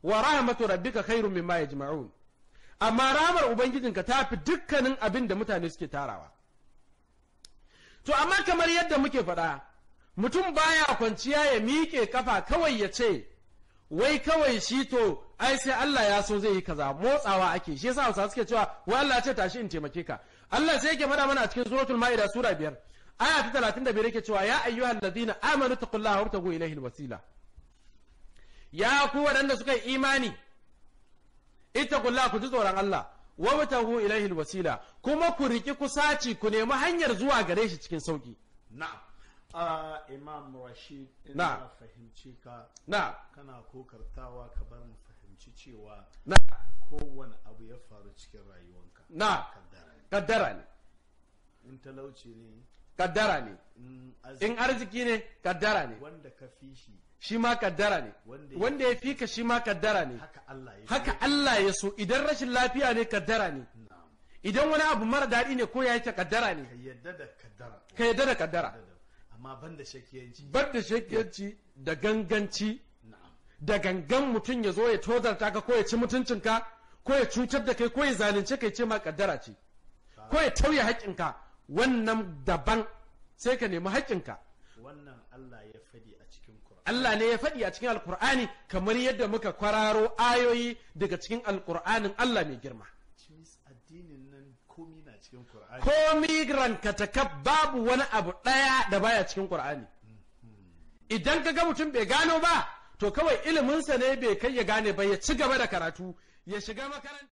wa rahmatu rabbika khairun mimma yajma'un amma ramar ubangijinka ta fi dukkanin abin da mutane suke tarawa to amma kamar yadda muke faɗa mutum baya kwanciya ya miƙe kafa kawai ya ce wai kawai shi to ai sai Allah ya so zai yi kaza motsawa ake shi yasa Hausa suke cewa wai Allah ce tashi in taimake ka Allah sai yake faɗa mana a cikin suratul maida sura biyar aya ta talatin da biyar yake cewa ya ayyuhal ladina amanu taqullaha wabtagu ilayhi alwasila ya ku waɗanda suka yi imani ittaqullaha ku ji tsoron Allah wabtagu ilayhi alwasila kuma ku riki kusaci ku nemi hanyar zuwa gare shi cikin sauki na'am a imam rashid na na abu ya faru na kaddara ne mm, in arziki ne kaddara ne wanda ka fi shi shi ma kaddara ne wanda ya fi ka shi ma kaddara ne haka Allah ya so idan rashin lafiya ne kaddara ne idan wani abu mara daɗi ne ko ya yake kaddara ne ka yadda da kaddara amma ban da shakiyanci ban da shakiyanci da ganganci da gangan mutum ya zo ya tozarta ka ko ya ci mutuncinka ko ya cutar da kai ko ya zalunce kai ce ma kaddara ce ko ya tauye haƙƙinka wannan daban sai ka nemi haƙƙinka wannan Allah ya faɗi a cikin Allah ne ya faɗi a cikin Alƙur'ani kamar yadda muka kwararo ayoyi daga cikin Alƙur'anin Allah mai girma addinin nan komi na cikin babu wani abu ɗaya da baya cikin Kur'ani? Mm-hmm. idan ka ga mutum bai gano ba to kawai iliminsa ne bai kai ya gane ba ya ci gaba da karatu ya shiga makaranta